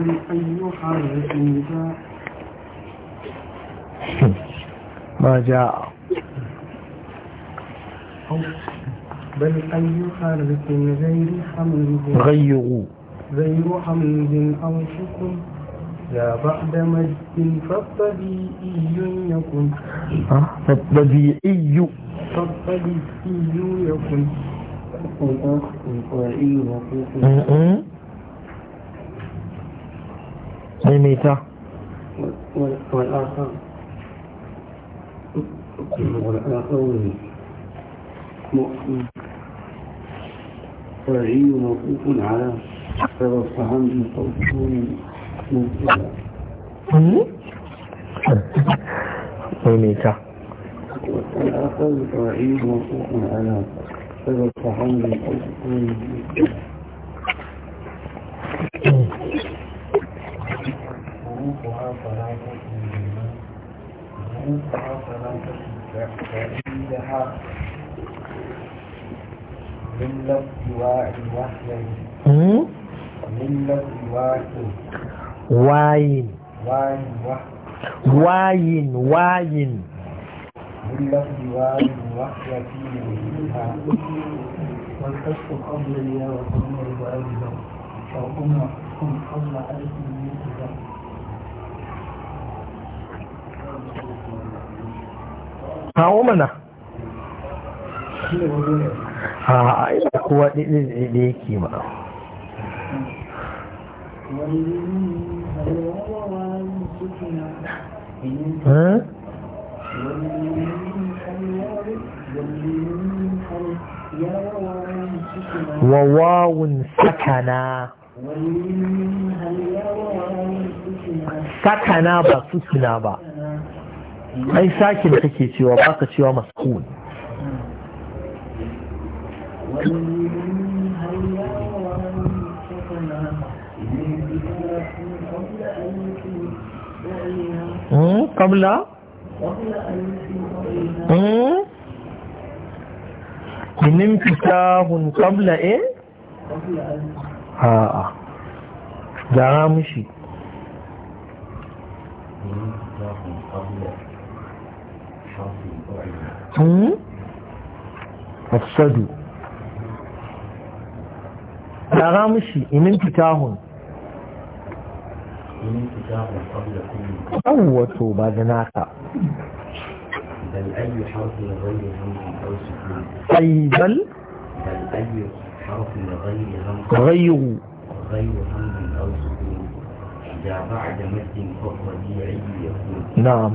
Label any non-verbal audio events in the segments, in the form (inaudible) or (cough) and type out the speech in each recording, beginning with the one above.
لهم أن يحركوها ما جاء بل أن يحرك غير حمله غيروا غير حمله أو شكر لا بعد مجد فالطبيعي يكن فالطبيعي فالطبيعي يكن والآخر القائل وقوق ميميتا والآخر والآخر فرعي موقوف على سبب فهم موقوف مبتدا ميميتا والآخر فرعي موقوف على سبب فهم موقوف مبتدا صلاة ينفع صلاة فعليها من لواء وحي من لواء واين واين واين واين من لواء وحي فيها والحس قبل الياء وقبل الواو وقم قبل ألف kawo mana a ɗin da yake wawawun sakana sakana ba sukina ba ai sakin kake cewa baka cewa maskun قبل من الصدو ترى مشي قبل انتكاه قوتوا بذناك بل أي حرف لغير همز أو سكون أي بل بل أي حرف لغير همز غير غير همز أو سكون إذا بعد مد فهو ديعي يكون نعم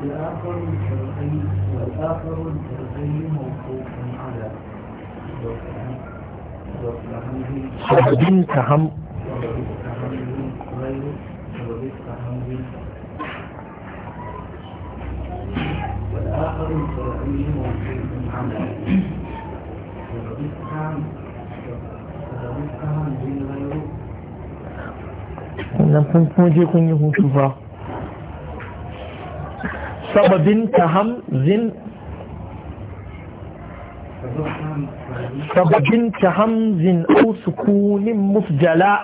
والآخر الشرعي والآخر الشرعي موقوف على وفهم تهم غير والآخر الشرعي موقوف على وبالتهم غير لم تكن يكون يهوش سبب كهمز سبب كهمز أو سكون مفجلا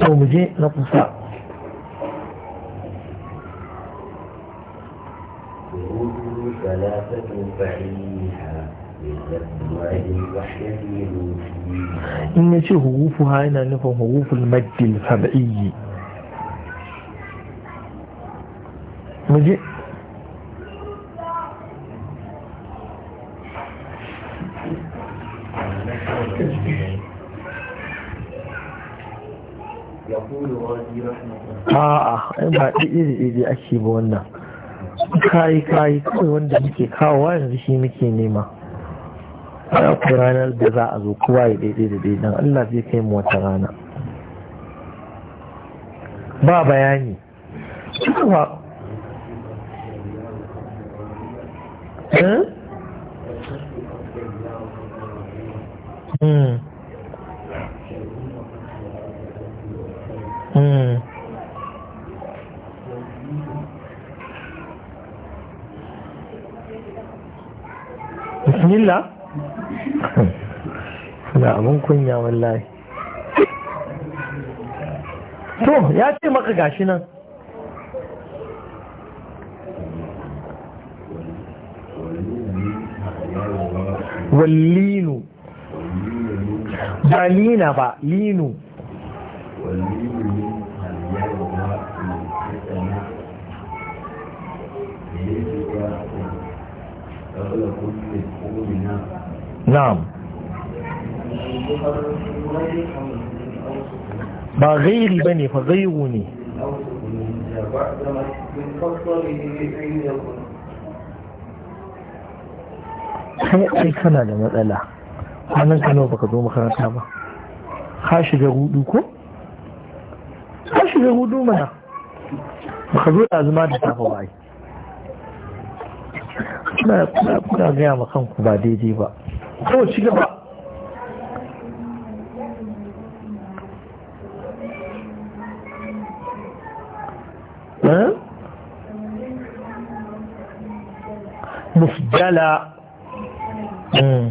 أو طيب، مجيء نقص in ya ce hurufu ha yana nufin huruful maddil sab'iyyi muje a'a ba iri iri ake ba wannan kayi kayi kawai wanda muke kawowa yanzu shi muke nema akwai ranar da za a zo kowa ya daidai da don Allah zai kai mu wata rana ba bayani cewa hmm? hmm. hmm. Bismillah na (laughs) abin kunya wallahi to ya ce maka gashi nan wallinu ba lina ba linu نعم ba gairi ba ne fa gairu ne kai ai kana da matsala wannan ka nawa baka zo makaranta ba ka shiga hudu ko ka shiga hudu mana baka zo da zama da safa ba ai kuna gaya ma kanku ba daidai ba ko ci gaba mufdala hmm.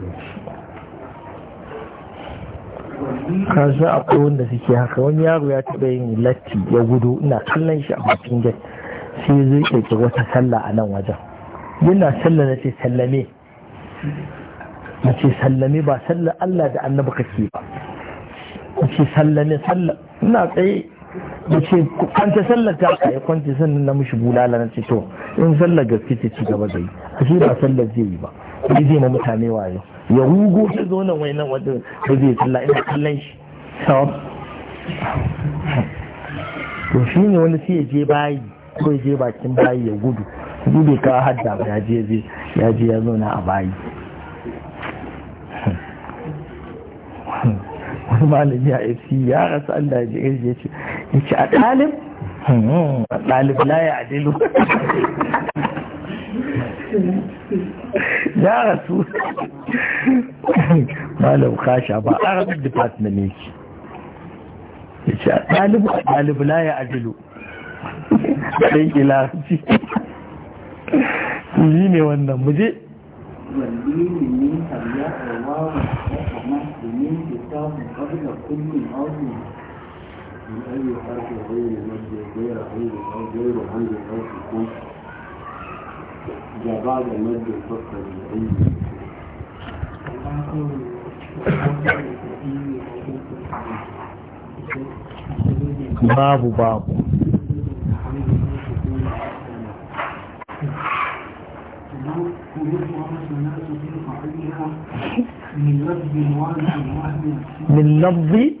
ka san akwai wanda suke haka wani yaro ya taɓa yin latti ya gudu ina kallon shi a bakin jet sai zai ƙirƙi wata sallah a nan wajen yana sallah na ce sallame na ce sallame ba sallah Allah da annabi kake ba na ce sallame sallah ina tsaye da ce kwanta sallar ta a yi kwanta sannan na mishi bulala na ce to in sallar gaske ce ci gaba zai a shi ba sallar zai yi ba ya zai na mutane wayo ya rugo ta zo nan wai nan wajen ba zai salla ina kallon shi to shi ne wani sai ya je bayi ko ya je bakin bayi ya gudu gudu ka hadda ya je ya je ya na a bayi wani malami a fc ya rasa allah ya je ya ce yace a ɗalib ɗalib la ya adilu ya rasu malam kasha ba arabic department ne ce ya ce a ɗalibu a ɗalibu la ya adilu ɗan ƙilarci yi ne wannan muje والدين من تبيع الله وحكمه من كتاب قبل كل عظيم من أي حرف غير مجد غير عين أو غير عين أو سكون إذا بعد المجد فكر العين باب باب من لفظ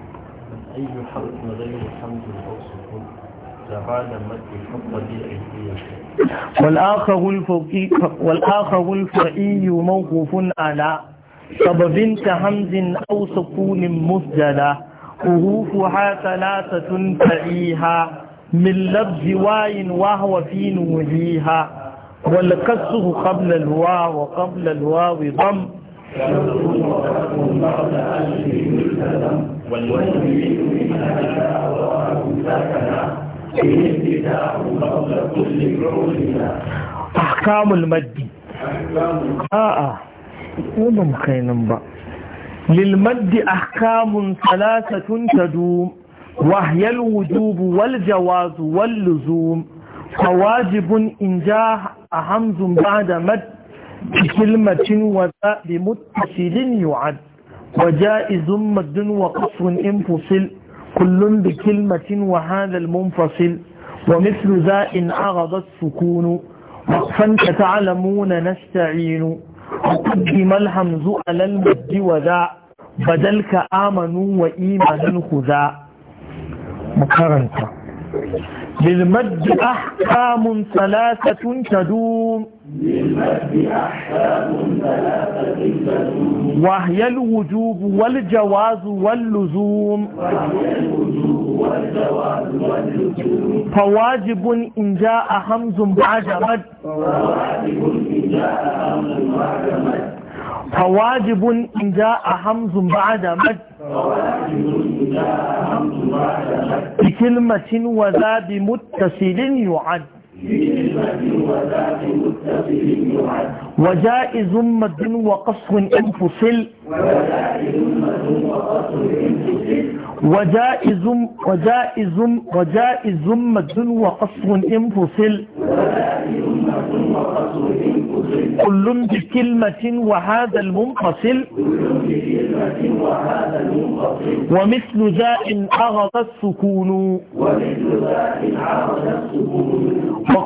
أي حق غير حمد أوصف تعالى مد الحق بالعلمية والآخر الفرعي والآخر الفرعي موقوف على سبب كهمز أو سكون مسجلة حروفها ثلاثة فعيها من لفظ واي وهو في نوهيها والكسر قبل الواو وقبل الواو ضم والولي بما فيه قبل كل أحكام المد آه، آه. للمد أحكام ثلاثة تدوم وهي الوجوب والجواز واللزوم فواجب إن جاء حمز بعد مد بكلمة وذا بمتصل يعد وجائز مد وقصر انفصل كل بكلمة وهذا المنفصل ومثل ذا إن عرضت سكون وقفا كتعلمون نستعين وقدم الهمز على المد وذا بدلك آمنوا وإيمان خذا مقارنة للمد أحكام ثلاثة تدوم أحكام ثلاثة وهي الوجوب والجواز واللزوم وهي الوجوب والجواز واللزوم فواجب إن جاء حمز بعد مد فواجب إن جاء حمز بعد مد فواجب إن جاء حمز بعد مد بكلمة وذا بمتصل يعد وجائز مد وقصر انفصل وجائز وجائز وجائز مد وقصر انفصل كل بكلمة وهذا المنفصل ومثل جاء أغض السكون ومثل جاء أغض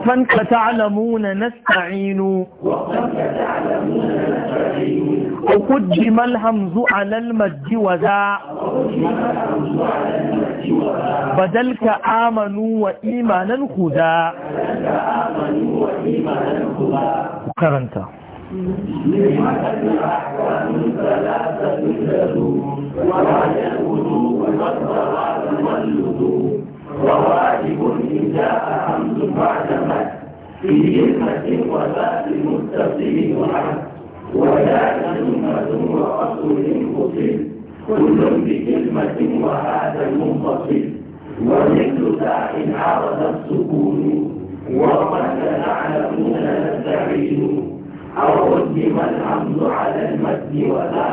وقد تعلمون نستعين وقدم الهمز على المد وذا بدل كآمنوا وإيمانا خذا كرنتا وعلى الوضوء والصلاة واللزوم وواجب إذا بعد مد في جنه وذات متصل عنه ولا كلمة وأصل مصل كل بكلمة وهذا المنفصل ومثل داع عرض السكون وقد نعلمون نستعين أو قدم الحمد على المد ولا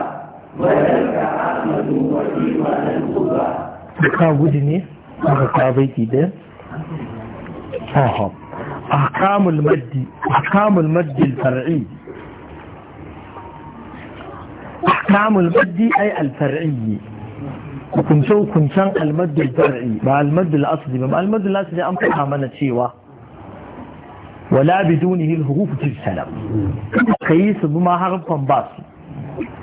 وذاك عامل وإيمان الخبى. kafin ide? ahab akamul maddi alfar'i akamul maddi ay alfar'i hukuncen ba almaddi al'asidi ba almaddi al'asidi an fata mana cewa wala biduni hulhufutun salam ka yi su ma harfan ba su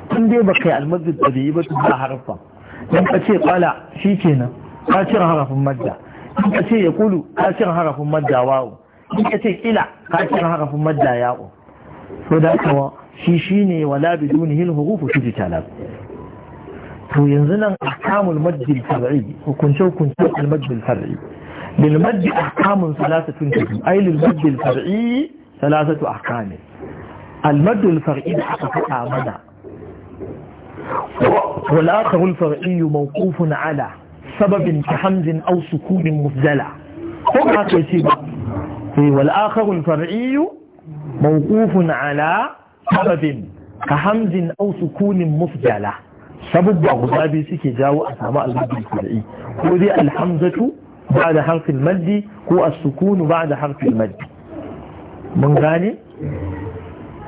kun dai ba ba su ba harfan ce kwala shi kenan ka cire harafin madda in ka ce ya kulu ka cire harafin madda wawo in ka ce kila ka cire harafin madda ya'u so da kawa shi shine wala bidunihi al-hurufu tujtalab to yanzu nan ahkamul maddi al-far'i hukunce hukunce al-maddi al-far'i lil maddi ahkamun salasatun tabi ay lil maddi al-far'i salasatu ahkam al-maddi al da aka faɗa mana wal akharu al-far'i mawqufun ala sababin ta hamzin au sukunin mufdala ko ba ka ce ba eh, wal akharul far'iyyu mawqufun ala sababin ka hamzin au sukunin mufdala sababba guda biyu suke jawo a samu alhamdul far'i ko dai alhamzatu ba'da harfin maddi ko as-sukunu ba'da harfin maddi mun gane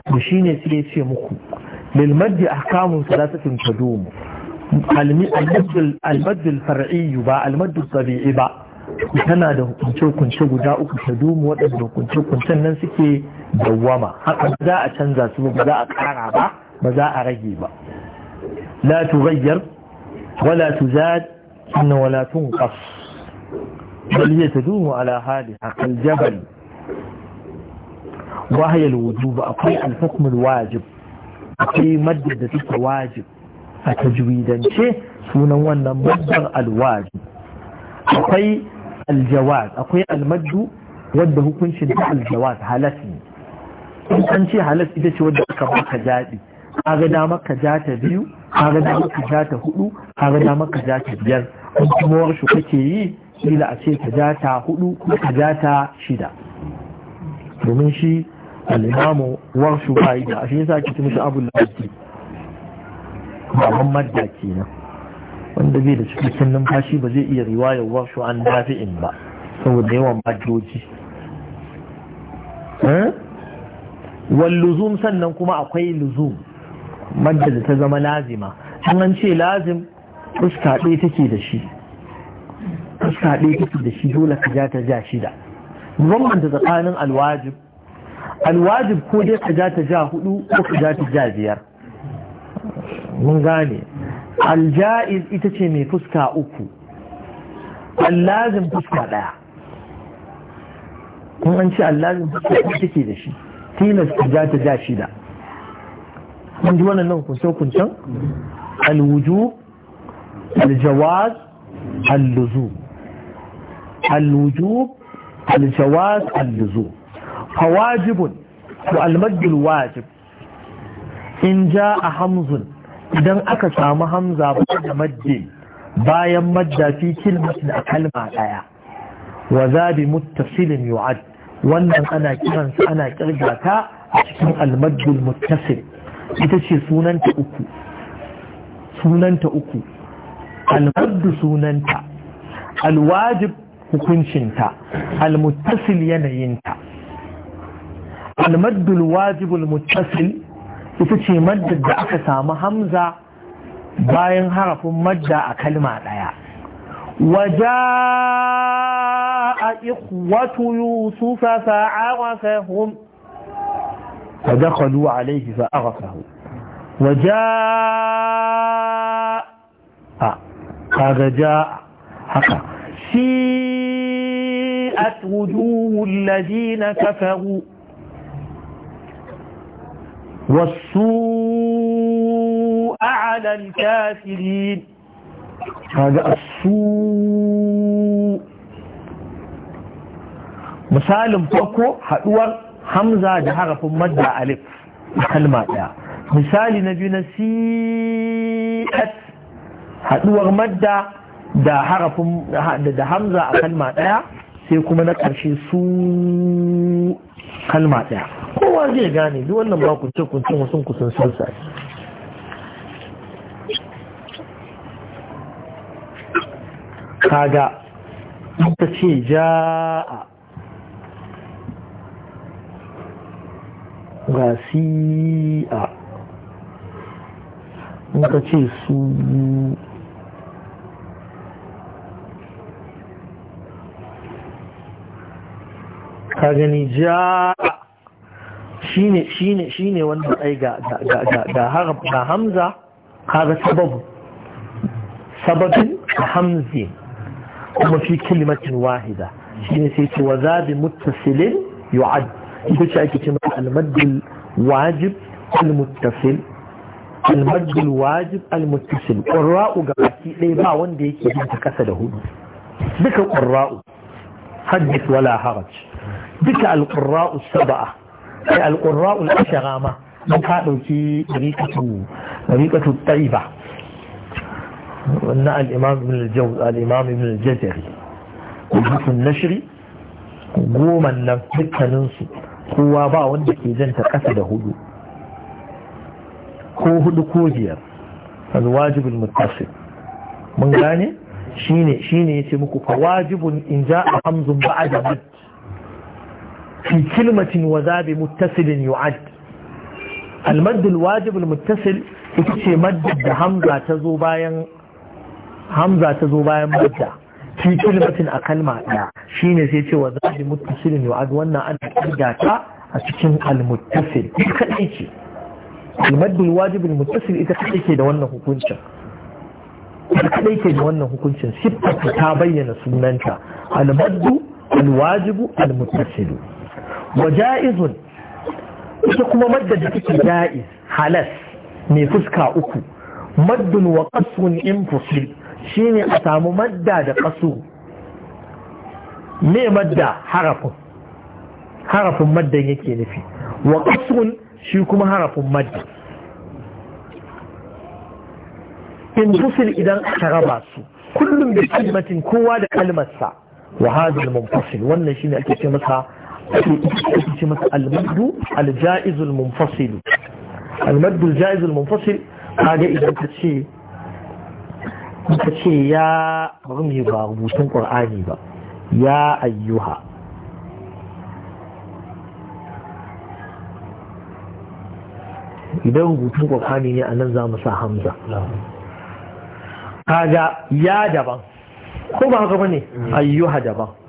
to shine sai ya ce muku lil maddi ahkamun salatatun tadumu المد الفرعي با المد الطبيعي ba tana da hukunce-hukunce guda uku ta dumu waɗanda hukunce-hukuncen nan suke dawwama haka za a canza su ba za a ƙara ba ba za a rage ba la tughayyar wala tuzad inna wala tunqas bal hiya tadumu ala hali haqal jabal wa hiya alwujub akwai al-hukm al-wajib akwai madda da take wajib a tajwidance sunan wannan babbar alwaji akwai aljawaz akwai almaddu wadda hukuncin da aljawaz halas ne in an ce halas ita ce wadda aka baka jaɗi kaga damar ka ja ta biyu kaga damar ka ja ta hudu kaga damar ka ja ta biyar in kuma warshu kake yi kila a ce ka ja ta hudu ko ka ja ta shida domin shi al'imamu warshu ba yi da ashe yasa ake tunu mishi abu lafiya baban madda kenan wanda bai da cikakken numfashi ba zai iya riwayar wasu an dafi'in ba saboda yawan maddoji eh? wal luzum sannan kuma akwai luzum madda da ta zama lazima an ce lazim fuska ɗaya take da shi fuska ɗaya take da shi dole ka ja ta ja shida da tsakanin alwajib alwajib ko dai ka ja ta ja hudu ko ka ja ta ja biyar mun gane alja'iz ita ce mai fuska uku allazin fuska daya kun an ce allazin fuska uku take da shi tilas ta ja ta ja shida kun ji wannan nan kunce kuncen alwuju aljawaz alluzu alwuju aljawaz alluzu fawajibun ko almajjul wajib in ja a hamzun idan aka samu hamza ba da madde bayan madda fi kilmatin a kalma daya wa zabi muttasilin yu'ad wannan ana kiransa ana kirgata ta a cikin almaddul muttasil ita ce sunanta uku sunanta uku almaddu sunanta alwajib hukuncinta almuttasil yanayinta almaddul wajibul muttasil ita ce madda da aka samu hamza bayan harafin madda a kalma ɗaya وجاء إخوة يوسف فعرفهم فدخلوا عليه فعرفه وجاء هذا جاء حقا سيئت وجوه الذين كفروا والسوء على الكافرين هذا السوء مثال فوقه حدوان حمزة جهرف مدى ألف حلمة مثال نجينا سيئة حدوان مدى دا حرف دا حمزه كلمه ɗaya sai kuma na ƙarshe su kalma ɗaya kowa zai gane duk wannan ba kuncin kunce wasu kusan sun ne kaga ta ce ja'a ga si'a ta ce su ka gani ja'a shine shine shine wanda ai ga ga ga harab ga hamza kaga sababu sababin hamzi kuma fi kalimatin wahida shine sai ce wa zabi muttasilin yu'ad ita ce ake cewa al-madd wajib al-muttasil al-madd wajib al-muttasil qurra'u ga baki dai ba wanda yake yin ta kasa da hudu duka qurra'u hadith wala haraj duka al-qurra'u sab'a sai alƙurra'ul ashara ma don ka ɗauki ɗariƙatu taiba wannan al'imam ibn al-jawz al'imam ibn al-jazari rubutun nashiri goman nan dukkaninsu kowa ba wanda ke janta ƙasa da hudu ko hudu ko biyar alwajibul muttasil mun gane shine shine ce muku fa wajibun in a hamzun ba'da في كلمة وذا بمتصل يعد المد الواجب المتصل يكشي مد همزة تزوباين همزة تزوباين مد في كلمة أقل معنى شين سيتي وذا بمتصل يعد وانا أنا أرجعك أتكين المتصل يكأيكي المد الواجب المتصل إذا كأيكي دوانا هكونشك ita kadai ke da wannan hukuncin siffarta ta bayyana sunanta almaddu alwajibu almuttasilu wa ja'izun ita kuma madda da take ja'iz halas mai fuska uku maddun wa qasun infusil shine a samu madda da qasu me madda harafin harafin maddan yake nufi wa qasun shi kuma harafin madda infusil idan aka raba su kullum da kowa da kalmarsa wa hadha wannan shine ake ce masa ake ce masa almadu jaizul munfasil almadu aljaizul munfasil kaga idan ka ce ce ya bari mu ba rubutun qur'ani ba ya ayyuha idan rubutun qur'ani ne a nan za mu sa hamza kaga ya daban ko ba haka ba ne ayyuha daban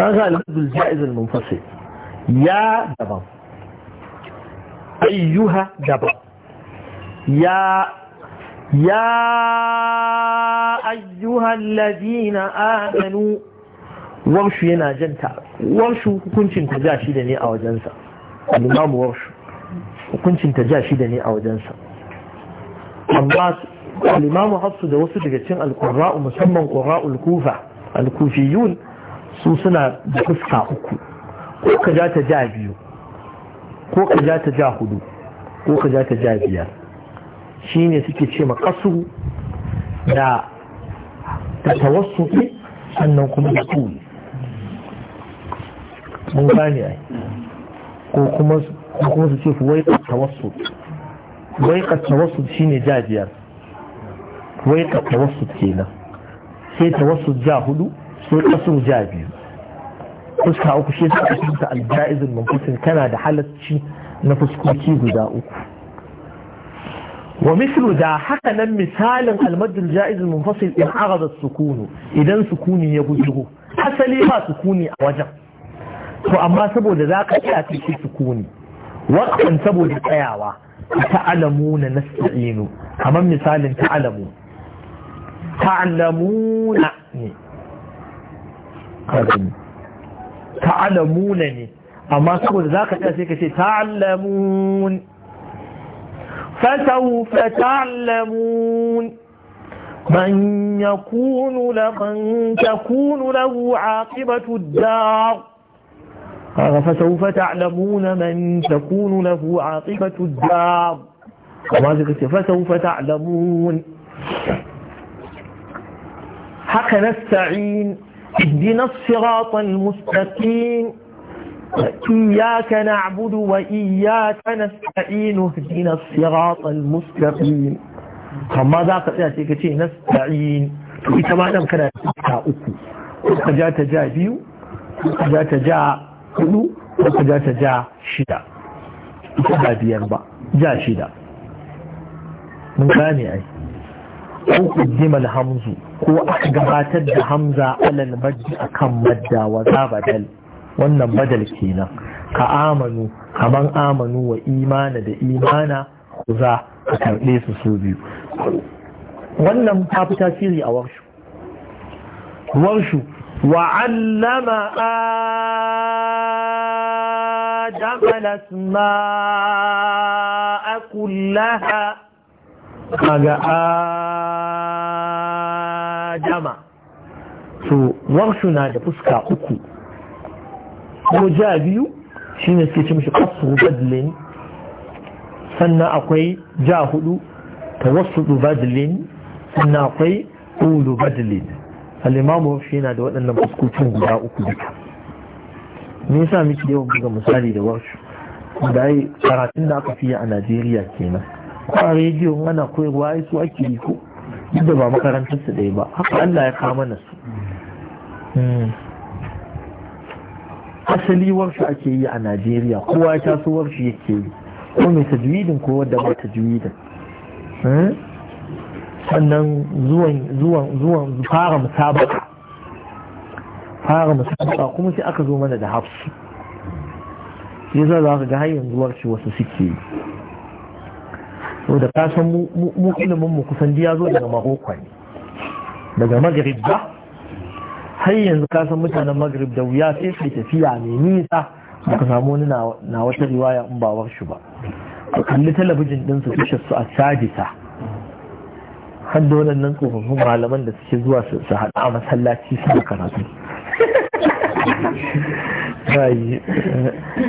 kaga al-qadul ja'iz al-munfasil ya daban ayyuha daban ya ya ayyuha alladhina amanu warshu yana janta warshu hukuncin ta ja shi da ne a wajensa al-imamu warshu hukuncin ta ja shi da ne a wajensa amma al-imamu hafsu da wasu daga cikin al-qurra'u musamman al kufa al-kufiyun su suna da fuska uku ko ka ja ta ja biyu ko ka ja ta ja hudu ko ka ja ta ja biyar shi ne suke ce ma kasu da ta ne sannan kuma da kuri mun gane ai ko kuma su ce wai ka tawassu wai ka tawassu ne ja biyar wai ka tawassu kenan sai tawassu ja hudu sai kasu ja biyu fuska uku shi za a cinta alja'izin mumkin kana da halacci na fuskoki guda uku ومثل ذا حكنا مثالا المد الجائز المنفصل إن عرض السكون إذا سكوني يبجره حسلي ما سكوني أوجه فأما سبو ذاك يأتي في سكوني وقتا سبو ذاكياوة تعلمون نستعين أما مثال تعلمون تعلمون قدم تعلمون ne amma saboda za ka sai فسوف تعلمون من يكون لمن تكون له عاقبة الدار فسوف تعلمون من تكون له عاقبة الدار فسوف تعلمون حق نستعين اهدنا الصراط المستقيم إياك نعبد وإياك نستعين اهدنا الصراط المستقيم فما ذاك تأتيك شيء نستعين إذا ما أن يستعى أكو فجاء تجاء بيو فجاء تجاء أكو فجاء تجاء شدا فجاء بيربا جاء شدا من ثاني أي أكو الدم الهمزو ko aka gabatar da hamza alal majdi akan madda wa za badal wannan badal kenan ka amanu kaman amanu wa imana da imana ku za ka karɓe su su biyu wannan ta fi tasiri a warshu warshu a آدم الأسماء ga 'a. adama to warshu na da fuska uku ko ja biyu shi ne suke ce mashi kasu badlin sannan akwai ja hudu ta wasu badlin sannan akwai ulu badlin alimamu shi na da waɗannan fuskocin guda uku duka me yasa miki yawan buga misali da wasu da yi karatun da aka fiye a najeriya kenan ko a rediyo ana koyarwa ya su ake yi ko duk da ba makarantarsu ɗaya ba haka Allah ya kama na su hmm. asali warshi ake yi a Najeriya kowa ya taso warshi yake yi ko mai tajwidin ko wadda ba tajwidin hmm. sannan zuwan fara musabaka fara musabaka kuma sai aka zo mana da hafsu sai za ka ga har yanzu warshi wasu suke yi so da kasan mu ilimin mu kusan ya zo daga maroko ne daga magrib ba har yanzu kasan mutanen magrib da wuya sai su tafiya mai nisa ka samu wani na wata riwaya in bawar shi ba to kalli talabijin din su tushe su a sadisa har da waɗannan tsofaffin malaman da suke zuwa su haɗu a masallaci suna karatu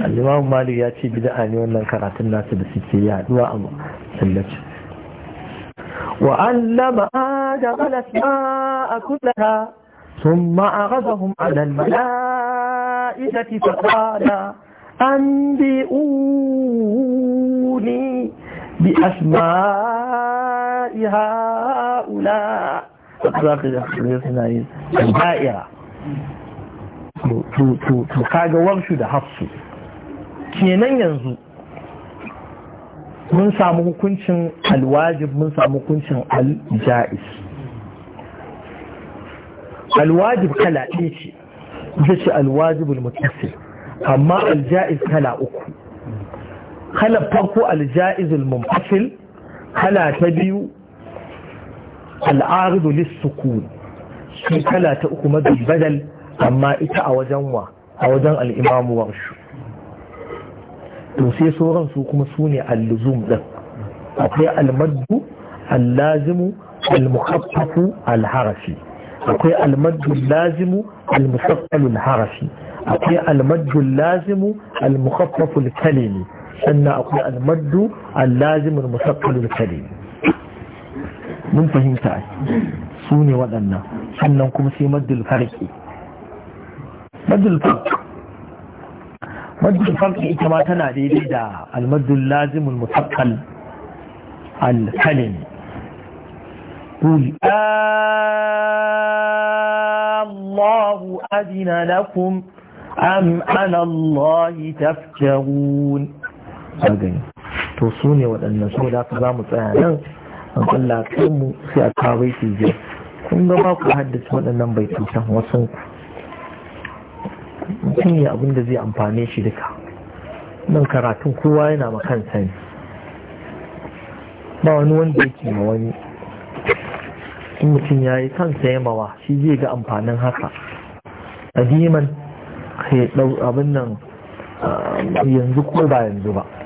alimamu malik ya ce bid'a ne wannan karatun nasu da suke yaduwa وسلم وعلم آدم الأسماء كلها ثم أغذهم على الملائكة فقال أنبئوني بأسماء هؤلاء الدائرة تو kaga warshu da hafsu kenan yanzu mun samu hukuncin alwajib mun samu hukuncin alja'is alwajib kala ɗaya ce ita ce alwajibul mutassil amma alja'iz kala uku kala farko alja'izul munfasil kala ta biyu al'aridu lissukun sun kala ta uku badal amma ita a wajen wa a wajen al'imamu to sai sauran su kuma su ne al-luzum din akwai al-maddu al-lazimu al-mukhaffafu al alharafi akwai al-maddu al lazimu al-musaffal al alharafi akwai al-maddu al lazimu al-mukhaffafu al-kalimi sannan akwai al-maddu al-lazimu al allazimu al-kalimi mun fahimta su ne waɗannan sannan kuma sai maddul farki maddul farki Maddun farko ita ma tana daidai da almaddun lazimin mutakkal alkalin. Allahu azina lakum am ana Allahi tafkirun. Agani. To su ne waɗannan su da za mu tsaya nan an kalla mu sai a kawai su je. Kun ga ba ku haddace waɗannan baitun can wasu. mutum ne abin da zai amfane shi duka nan karatun kowa yana makansa ne ba wani wanda yake ma wani in mutum ya yi kansa ya mawa shi zai ga amfanin haka A adiman abin nan ah, yanzu ko ba yanzu ba